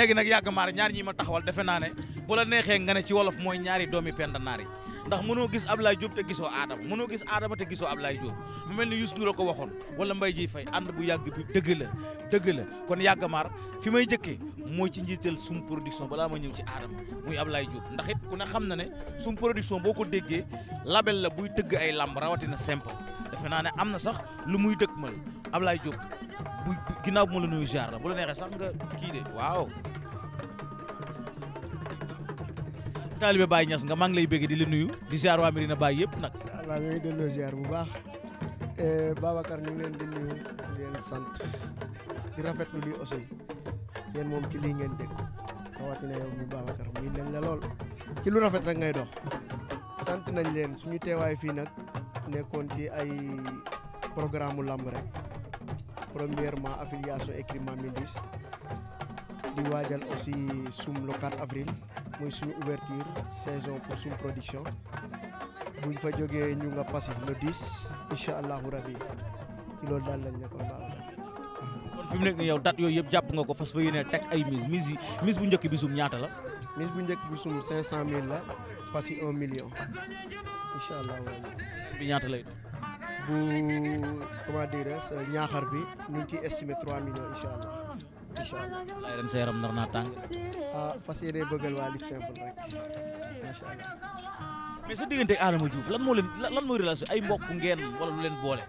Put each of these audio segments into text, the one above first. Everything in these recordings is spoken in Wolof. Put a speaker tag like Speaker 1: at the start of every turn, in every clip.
Speaker 1: léegi nag yàgg maar ñaar ñi ma taxawal defe naa ne bu la neexee nga ne ci wolof mooy ñaari doomi Penda Naar yi ndax mënoo gis Ablaye Diop te gisoo Adama mënoo gis Adama te gisoo Ablaye Diop mu mel ni Youssou Ndour a ko waxoon wala Mbaye Dièye Faye ànd bu yàgg bi dëgg la dëgg la kon yàgg maar fi may jëkkee mooy ci njiital sum production balaa ma ñëw ci Adama muy Ablaye Diop ndax it ku ne xam na ne sum production boo ko déggee label la buy tëgg ay làmb rawatina simple defe naa ne am na sax lu muy dëgmal Ablaye Diop bu ginnaaw bu ma la nuyu ziar la bu la neexee sax nga kii de waaw. taalibe baay ñas nga maa ngi lay bëgg di la nuyu di ziar waa Medina Baye yëpp nag.
Speaker 2: waaw ñoo ngi delloo ziar bu baax eh, Babacar ñu leen di nuyu leen sant di rafetlu lii aussi yéen moom ci lii ngeen dégg rawatina yow mi Babacar muy dañ la lool ci lu rafet rek ngay dox sant nañ leen suñu teewaay fii nag nekkoon ci ay programme mu lamb rek. premièrement affiliation écrit Mame Mbis di waajal aussi sum le 4 avril muy suñu ouverture saison pour sum production buñ fa jógee ñu nga passé le 10 incha allahu rabi ci loolu daal lañ nekkoon baax na. kon yow
Speaker 1: date yooyu yëpp jàpp nga ko fas fa yéene tek ay mise mise yi bu njëkk bi sum ñaata la.
Speaker 2: mise bu njëkk bi sum 500000 la passé 1 million incha allahu rabi. bi ñaata lay bu ñaaxar bi ñu ngi ciy estimé 3 millions incha allah incha allah.
Speaker 1: waaye ren sa naa tàng.
Speaker 2: ah fas yéene bëggal waa li simple rek macha allah.
Speaker 1: mais sa diggante ak Adama lan moo leen lan mooy relation ay mbokk ngeen wala lu leen boole.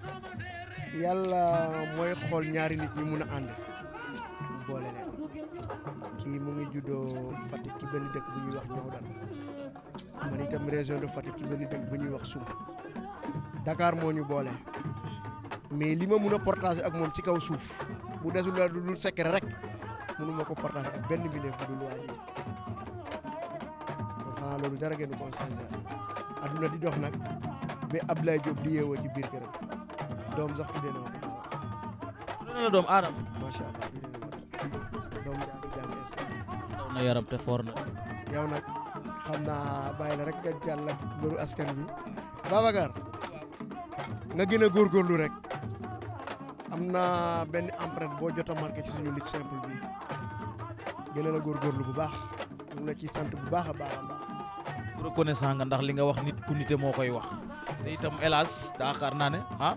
Speaker 2: yàlla mooy xool ñaari nit ñi mun a ànd boole leen kii mu ngi juddoo Fatick ci benn dëkk bi ñuy wax Niawdane man itam région de Fatick ci benn dëkk bu ñuy wax Soum. Dakar moo ñu boole mais li ma mun a partager ak moom ci kaw suuf bu desul la du dul secret rek mënu ma ko partager ak benn mbindeef bu dul waajee kon xanaa loolu dara di dox nag ba ci biir këram doom sax tuddee na na xam naa bàyyi la rek nga jàll ak mbëru askan bi Babacar. nga gën a góorlu rek am na benn empreinte boo jot a marqué ci suñu lutte simple bi gën a la góorlu bu baax ñu la ci sant bu baax a baax a baax. reconnaissant nga ndax li nga wax nit ku nite moo koy wax te itam
Speaker 1: hélas daakaar naa ne ah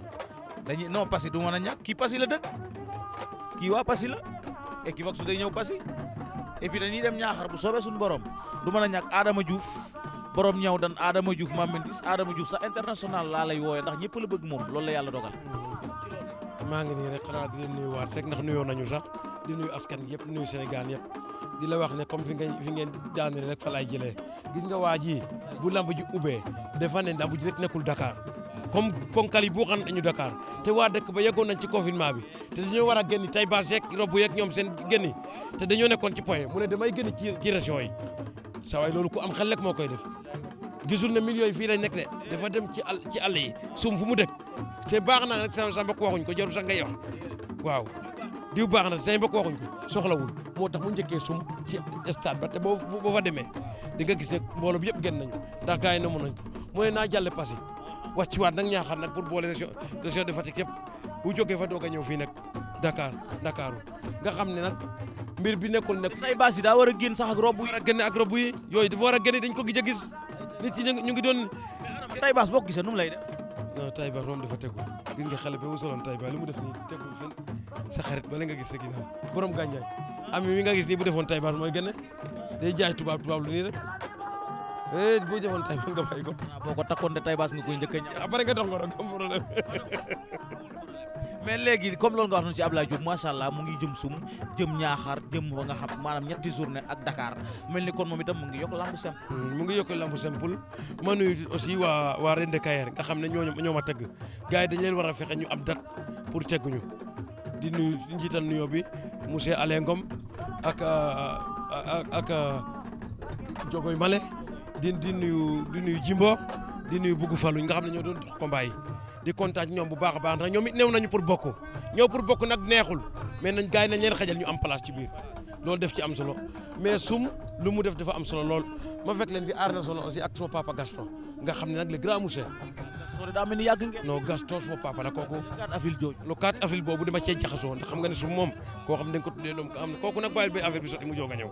Speaker 1: dañuy non Passy du mën a ñàkk kii Passy la dëkk kii waa Passy la Equivox su day ñëw Passy et puis dañuy dem ñaaxar bu soobee suñu borom du mën a ñàkk Adama Diouf. borom ñaw dan Adama Diouf Mame Mendy Adama Diouf sax international laa lay wooyee ndax ñëpp la bëgg moom loolu la yàlla dogal. maa ngi nii rek xanaa di leen nuyuwaat rek ndax nuyoo nañu sax di nuyu askan bi yëpp nuyu Sénégal yëpp di la wax ne comme fi ngay fi ngeen daaneel rek fa laay jëlee gis nga waa ji bu lamb ji ubbee dafa ne lamb ji rek nekkul Dakar comme ponkal yi boo xam nañu Dakar te waa dëkk ba yeggoon nañ ci confinement bi te dañoo war a génn tay bâche yeeg rob yeeg ñoom seen génni te dañoo nekkoon ci point mu ne damay génn ci ci waay loolu ku am xel rek moo koy def gisul ne millions yi fii lañ nekk de dafa dem ci àll ci àll yi suum fu mu dëkk te baax na rek sa ba waxuñ ko jarul sax nga wax waaw diw baax na sa ba waxuñ ko soxlawul moo tax mu njëkkee sum ci stade ba te boo boo fa demee di nga gis ne mboolo bi yëpp génn nañu ndax gars yi na mun nañ ko naa jàlle passé was ci waat nag ñaaxaar pour boole région région de Fatick yëpp bu jógee doog a ñëw fii nag Dakar Dakaru nga xam ne nag mbir bi nekkul nekk say baas yi daa war a génn sax ak rob yi war a génn ak rob yi yooyu dafa war a génn dañ ko gëj a gis nit ñi ñu ngi doon. mais Tay boo ko gisee nu mu lay def. non Tay Bass moom dafa tegu gis nga xale bi mu soloon Tay Bass li mu def nii tegu fen sa xarit nga gis sa ginnaaw borom gàncax am wi nga gis nii bu defoon Tay Bass mooy gën day jaay tubaab tubaab lu nii rek eh boo defoon Tay Bass nga bàyyi ko. boo ko takkoon de Tay Bass nga koy njëkk a ñaax. après nga dox nga dox comme problème. mais léegi comme loolu nga wax noonu ci Abdoulaye Diop macha allah mu ngi jëm sum jëm ñaaxar jëm ba nga xam maanaam ñetti journée ak dakaar mel ni kon moom itam mu ngi yokk lamb simple. Mm, ngi yokk lamb simple ma nuyu aussi waa waa Rende Kayer nga xam ne ñooñu ñoo ma tëgg gars yi dañ leen war a fexe ñu am date pour tëgg ñu di nuyu njiital nuyoo bi monsieur Alain Ngom ak euh, ak euh, Male di nuyu di nuyu Jimbo di nuyu Bugg Fallu nga xam ne ñoo doon dox combat di kontaan ñoom bu baax a baax ndax ñoom it néew nañu pour bokk ñëw pour bokk nag neexul mais nañ gars yi nañ leen xajal ñu am place ci biir loolu def ci am solo mais sum lu mu def dafa am solo lool ma fekk leen fi aar national aussi ak sama papa Gaston nga xam ne nag yàgg ngeen. non Gaston sama papa nag kooku. 4 avril jooju. le 4 avril ne sum moom koo xam ne dañ ko tuddee nag bàyyil ba affaire bi sotti mu jóg ñëw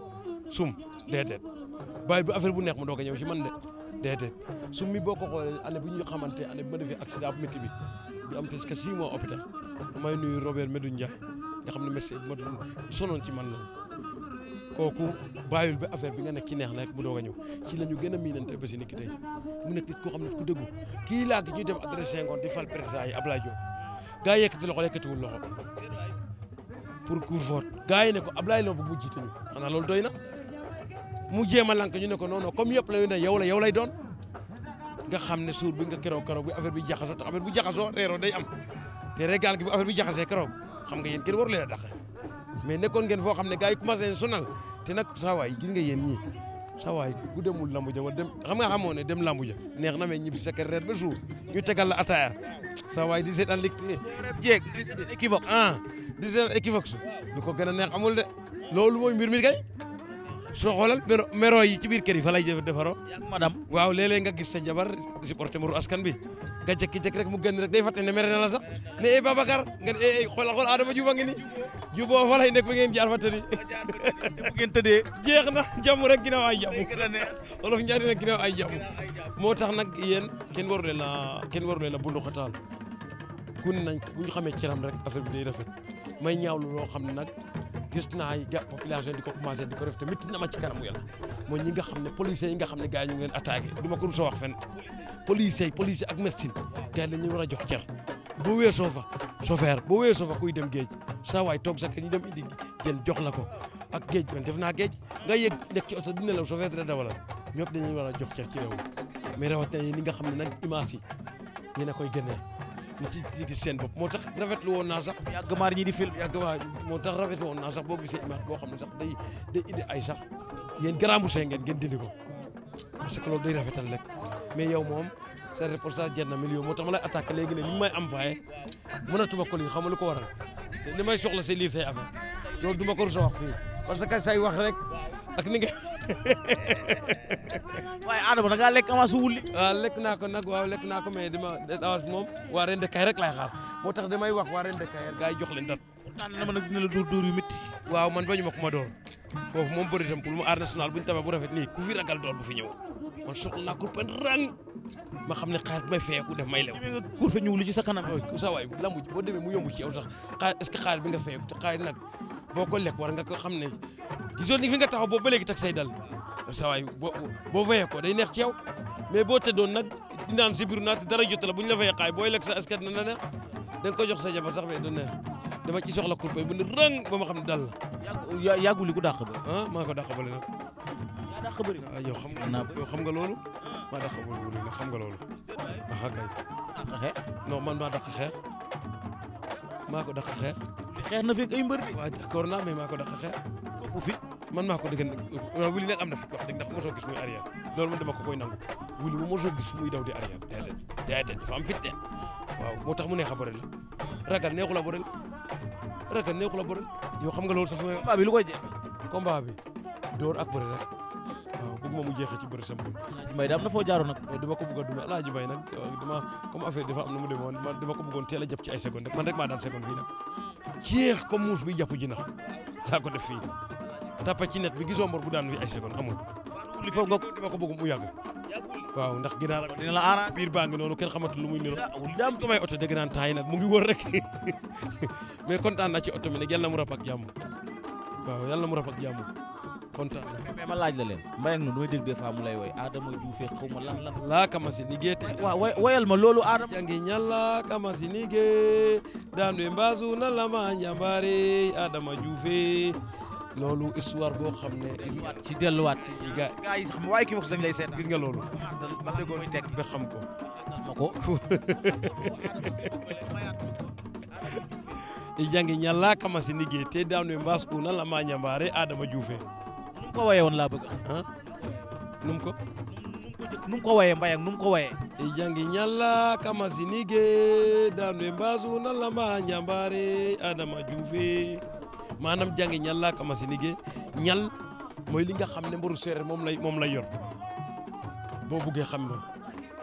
Speaker 1: sum déedéet bàyyil ba affaire bu neex mu doog a ñëw ci man de déedéet su mi boo ko xoolee année bi ñu xamante année bi ma defee accident bu métti bi ñu am presque six mois hôpital damay nuyu Robert Medou Ndiaye nga xam ne médecin bi ma doon sonoon ci man la kooku bàyyil ba affaire bi nga nekk ki neex na rek mu doog a ñëw ci la ñu gën a miinante ba si nit ki tey mu nekk nit koo xam ne ku déggu kii laa gi ñuy dem adressé ngoon di fal président yi Ablaye Diop gaa yi yëkkati loxo yëkkatiwul loxo pour cour vote gaa yi ne ko Ablaye loo bëgg mu jiite ñu xanaa loolu doy na mu jéem a lank ñu ne ko non non comme yëpp la ñu ne yow la yow lay doon nga xam ne suur bi nga keroog keroog bi affaire bi jaxasoo te affaire bi jaxasoo reeroo day am te régal gi jaxasee keroog xam nga yéen kenn waru leen a dàq mais nekkoon ngeen foo xam ne gars yi commencé nañ sonal te nag saa waay nga yéen ñii saa waay ku demul lambu ja wa dem xam nga xamoo ne dem lambu ja neex na mais ñibbi sa kër reer ba suur ñu tegal la ataaya saa waay di seetaan lig jéeg di seetaan équivoque ah di seetaan équivoque su ko gën a neex amul de loolu mooy mbir mi kay soo xoolal mero mero yi ci biir kër yi fa lay defaroo. ak madame waaw léeg-léeg nga gis sa jabar supporté mu askan bi nga jekki jékki rek mu génn rek day fàtte ne mere na sax ne ba eh, Babacar nga eh, eh xoolal xool Adama Diouf a ngi nii juboo fa lay nekk ba ngeen jaar fa tëddi. bu ngeen tëddee. jeex na jàmm rek ginnaaw ay jàmm. olof ñaari nag ginnaaw ay jàmm. moo tax nag yéen kenn waru leen a kenn waru leen a bundu xataal kun nañ bu ñu xamee ciram rek affaire bi day rafet may ñaawlu loo xam ne nag. gis naa gars population di ko commencé di ko def te métti na ma ci kanamu yàlla mooy ñi nga xam ne policiers yi nga xam ne ga yi ñu ngi leen attaqué du ma a wax fenn policiers yi policiers war a jox cer boo weesoo fa chauffeur boo weesoo fa kuy dem géej saa waay toog sa kër ñu dem indi jën jox la ko ak géej man def naa géej nga yëg nekk ci oto di nelaw chauffeur dina dawalal ñëpp dañuy war a jox cer ci réew mi mais rawatina yi ni nga xam ne nag image yi yéen a koy génnee ñu ci ci gis seen bopp moo tax rafetlu woon naa sax. yàgg maar di film yàgg maar moo tax rafetlu woon naa sax boo gisee image boo xam ne sax day indi ay sax yéen grand boucher ngeen dindi ko sa reportage jar na million moo tax ma la attaqué léegi ne li may envoyé mënatuma ko lii xam nga lu ko waral li may soxla c'est lire say affaire loolu du ko rus a wax fii parce que say wax rek. ak ni nga waaye Adama da ngaa lekk avance wulli waaw ah, lekk naa ko nag waaw lekk naa ko mais dima avance moom waa ren de kay rek laay xaar moo tax damay wax waa ren de kay gars yi jox leen dat daan na ma nag waaw man bañu ma ko ma door foofu moom bëri tam pour mu aar bu buñu tabe bu rafet nii ku fi ragal door bu fi ñëw man soxla naa ko pen rang ma xam ne xaar may feeku def may lew kuur fe ñëw li ci sa kanam sa waay lambu boo demee mu yomb ci yow sax xaar est bi nga feeku te xaar nag boo ko lekk war xam ne gisoon ni fi nga taxaw boo ba léegi teg say dal sa waay boo boo fayee ko day neex ci yow mais boo tëddoon nag dinaan si biir naat dara jot la bu ñu la fayee xaay booy lekk sa askan na neex da nga ko jox sa jabar sax mais du neex dama ci soxla la bu ne rëng ba ma xam ne dal la. yàggul ko dàq ba. ah maa ko dàq ba nag.
Speaker 2: yaa dàq bëri na ah, yow xam nga. yow xam nga
Speaker 1: loolu. Ah. maa dàq bëri na xam nga loolu. ah kay. man maa dàq maa ko dàq xeex. xeex na fekk ay mbër. waaw maa ko dàq xeex. ëpp fi man maa ko dëgg nag wuli nag am na fi wax dëgg ndax mosoo gis muy arrière loolu man dama ko koy nangu wuli moom mosoo gis muy daw di arrière déedéet am fit de moo tax mu neex a borel ragal neexul a la ragal neexul xam nga loolu sax combat bi lu koy jeex combat bi door ak bëre rek waaw bëgg ma mu jeexee ci bëri sama mbay daam na foo jaaro nag eh, dama ko bëggoon duma alaaji mbay nag dama comme affaire dafa am na mu demee woon dama ko bëggoon teel a jàpp ci ay seconde rek man rek maa daan seconde fii nag jeex ko def fii tappa ci net bi gisoo mbor bu daan wi ay seconde amul li foog nga dama waaw ndax ginaar ak dina la arrangé biir baa ngi noonu kenn xamatul lu muy niro daam ko may oto dégg naan taay nag mu ngi wóor rek mais kontaan naa ci oto mi nag yàlla mu rap ak mu rap ak jàmm kontaan naa mais ma laaj la leen mbay ak noonu damay dégg des fois mu lay woy Adama Dioufé xaw ma lan lan laa kamasi ni gee te waaw woyal ma loolu Adama jangi ñalla kamasi ni Adama Dioufé loolu histoire boo xam ne. ci delluwaat ci gaa gaa yi sax waaye kii wax dañ lay seet. gis nga loolu. ma déggoo ci teg xam ko. i jangi ñalla kama si nigge te daanu mbas una la ma ñambare la bëgg han num ko ko waye adama juufe maanaam jangi ñal laa kamasi nigee ñal mooy li nga xam ne mbaru séeréer moom lay moom lay yor boo buggee xam moom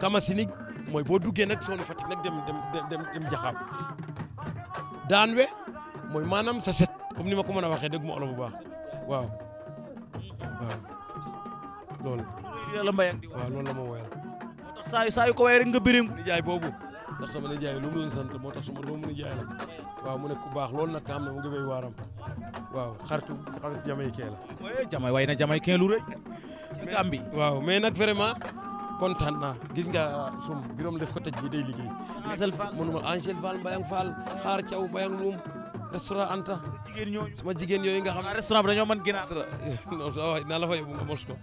Speaker 1: kamasi nig mooy boo duggee nag soonu Fatick nag dem dem dem jaxaab daan we mooy maanaam sa set comme ni ma ko mën a waxee dégg ma olo bu baax waaw waaw loolu la loolu la ma woyal moo tax saa yu saa yu ko waye rek nga béréngu nijaay boobu ndax sama nijaay lu mu leen sant moo tax suma doomu nijaay la waaw mu nekk ku baax loolu nag nga xam ne mu ngi béy waaram waaw xaritu jamaïcain la. jama way na jamaïcain lu rëy. Gambie waaw mais nag vraiment kontaan naa gis nga sum biroom def ko te jii day liggéey. Angel Fall mënuma Angel Fall Mbayang Fall Xaar Thiaw Mbayang Loum restaurant Anta. jigéen sama jigéen yooyu nga xam. restaurant bi dañoo man ginaar. non sa waay naa la fa yóbbu nga mos ko.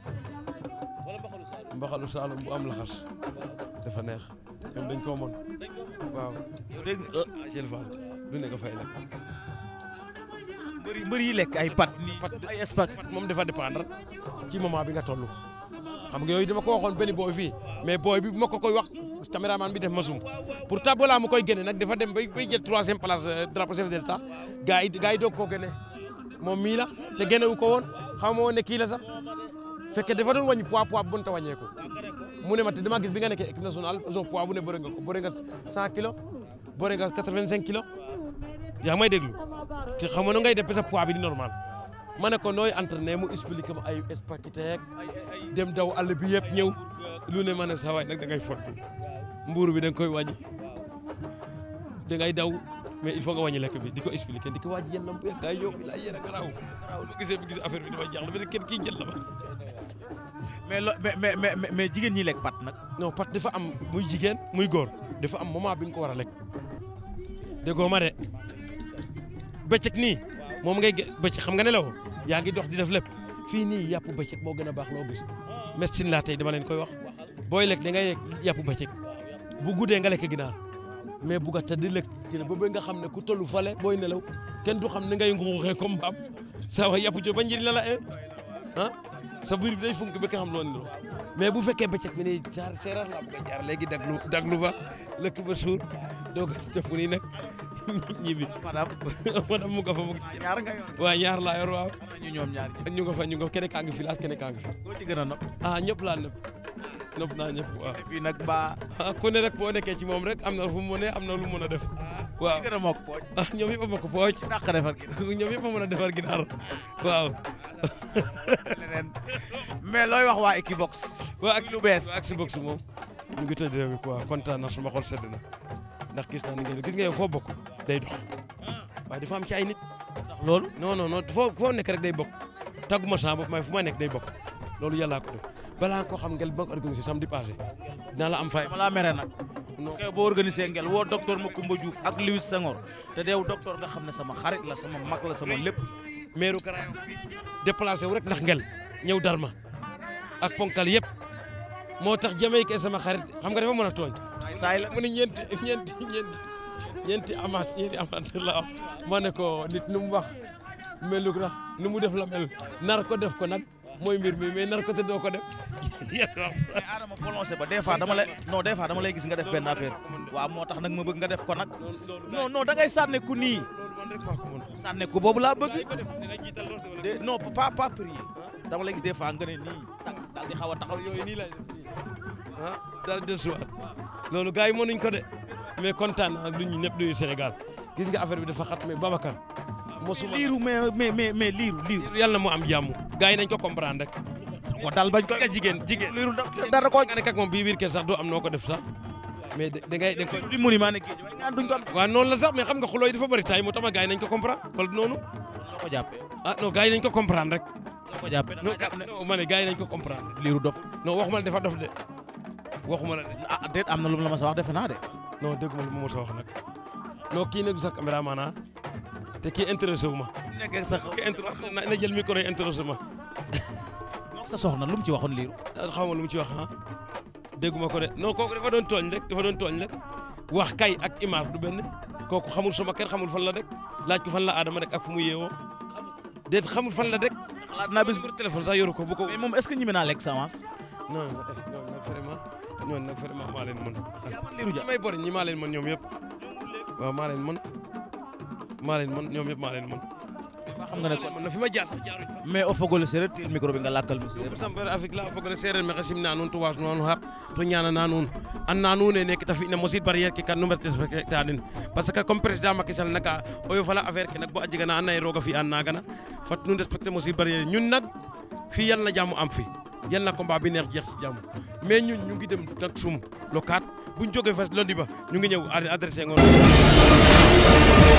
Speaker 1: wala mbaxalu bu am laxas dafa neex ñoom dañ koo mën waaw. yow nga fay la. mbër mbër yi lekk ay pat pat ay espace moom dafa dépendre ci moment bi nga toll. xam nga yooyu dama ko waxoon benn booy fii mais booy bi bu ma ko koy wax bi def ma zoom pourtant balaa mu koy génne nag dafa dem bay bay jël troisième place euh, drapeau chef de l'État gars yi gars yi doog koo génne moom mii la te génne wu ko woon xam nga woon ne kii la sax fekke dafa doon wàññi poids poids bu mënut a wàññeeku mu ne ma te damaa gis bi nga nekkee équipe nationale poids bu ne bëri nga ko bëri nga yaa may déglu te xam nga nu ngay def sa poids bi ni normal ma ne ko nooy entraîné mu expliqué ma ay spakiteek dem daw àll bi yëpp ñëw lu ne ma ne sa waay nag da ngay fot mbuuru bi da koy wàññi da ngay daw mais il faut nga wàññi lekk bi di ko expliqué di ko waaj yéen bu yàgg gaay yow bi laa a garaaw garaaw lu gisee bi gis affaire bi dafay jaaxle ba ne kenn la ma mais mais mais mais jigéen ñi lekk pat nag. non pat dafa am muy jigéen muy góor dafa am moment bi nga ko war a lekk déggoo ma de. bëccëg nii moom ngay bëccëg xam nga ne la yaa ngi dox di def lépp fii nii yàpp bëccëg moo gën a baax loo gis médecine laa tey dama leen koy wax booy lekk da ngay lekk yàpp bëccëg bu guddee nga lekk ginaar mais bu nga tëdd lekk dina ba nga xam ne ku tollu fale booy nelaw kenn du xam ne ngay nguuxee comme mbaam saa wax yàpp jo ba njëriñ la la ee eh? sa biir bi day funk bi nga xam loolu niro mais bu fekkee bëccëg bi ne jaar seeraat la bu jaar léegi dag lu ba lekk ba suur doo ko def nii nag ñibbi madame madame mu nga fa mu ñaar nga yor waaw ñaar laa yor waaw ñu ñoom ñaar ñu nga fa ñu nga kene kaa fi laas kene kaa fi koo ci a nopp ah laa nopp nopp naa ñëpp waaw fii nag baa ah, ku ne rek boo nekkee ci moom rek am na fu mu ne am na lu mën def ah, waaw gën a mokk pooj ah, ñoom yëpp a mokk pooj dàq defar ñoom yëpp a mën defar ginaar waaw leneen mais looy wax waa Equivox waa ak lu bees waa Equivox moom ñu ngi tëdd rek waaw xol sedd na ndax gis naa ni ngeen gis nga foo bokk day dox ah. waaye dafa ay nit. loolu non non non foo foo nekk rek day bokk tàgguma saa bopp may fu ma nekk day bokk loolu yàllaa ko def balaa nga ko xam ngel ba ko organisé samedi passé dinaa la am fay. dama ngel woo ma kumba Diouf ak Louis Senghor te deew docteur nga xam ne sama xarit la sama mag la sama lépp. meeru Karaw déplacé wu rek ndax ngel ñëw Darma ak ponkal yëpp moo tax Jamaïque sama xarit xam nga dafa mën a tooñ. saa saay la mu ne ñeenti ñeenti ñeenti ñeenti amaat ñeenti amaat la wax ma ne ko nit nu mu wax melu na nu mu def la mel nar ko def ko nag mooy mbir mi mais nar ko te doo ko def mais Adama prononcé ba des fois dama lay non des fois dama lay gis nga def benn affaire waaw moo tax nag ma bëgg nga def ko nag non non da ngay sànne ku nii sànne ku boobu laa bëgg non pas pas prier dama lay gis des fois nga ne nii tak daal xaw taxaw yooyu nii la ah daal di dellusiwaat loolu gars yi mënuñ ko de mais kontaan naa lu ñu ñëpp du Sénégal gis nga affaire bi dafa xat mais Babacar. mosuma liiru mais mais mais mais liiru liiru. yàlla na mu am jàmm gars yi nañ ko comprendre rek. ko dal jigéen jigéen liiru dara ko nga ko def sax mais da ngay da ko di noonu la sax mais xam nga xuloo yi dafa bëri tay moo tax ma gars nañ ko comprendre wala noonu ko jàppee ah non gars yi nañ ko comprendre rek la ko jàppee ma liiru dof non waxuma la dafa dof de waxuma la de. ah déet am na lu la ma sa wax defe naa de. non dégguma lu mu ma sa wax nag non kii nag du sax caméra maanaa ah. te kii intéressé wu ma. nekkee sax na jël micro yi intéressé ma. sa soxna lu mu ci waxoon liiru. Ah, xaw ma lu mu ci wax ah dégguma ko de non kooku dafa doon tooñ rek dafa doon tooñ rek wax kay ak imaar du benn kooku xamul sama kër xamul fan la rek laaj ko fan la Adama rek ak fu mu yeewoo déet xamul fan la rek. xalaat naa bés bu téléphone sa yoru ko bu ko. moom est-ce naa lekk semence. Eh, ñoon nag vraiment maa leen mën ñi may bëri ñi maa leen mën ñoom yëpp waaw maa leen mën maa leen mën xam nga ne kon na fi ma jaar mais o fogole séeréer teel micro nga lakkal mu séeréer sam ber la o fogole séeréer me xasim na nuun tuwas nuun xaq to ñaana na nuun an na nuun ne ke ta fi na mosid barrière ke kan nu respecter den parce que comme président Macky Sall naka o yo fala affaire ke nak bo a jega na and naye roga fi an naga na fat nu respecter mosid barrière ñun yal na combat bi neex jeex ci jàmm mais ñun ñu ngi dem nag sum lokaat bu ñu fa fas lundi ba ñu ngi ñëw adressé ngoon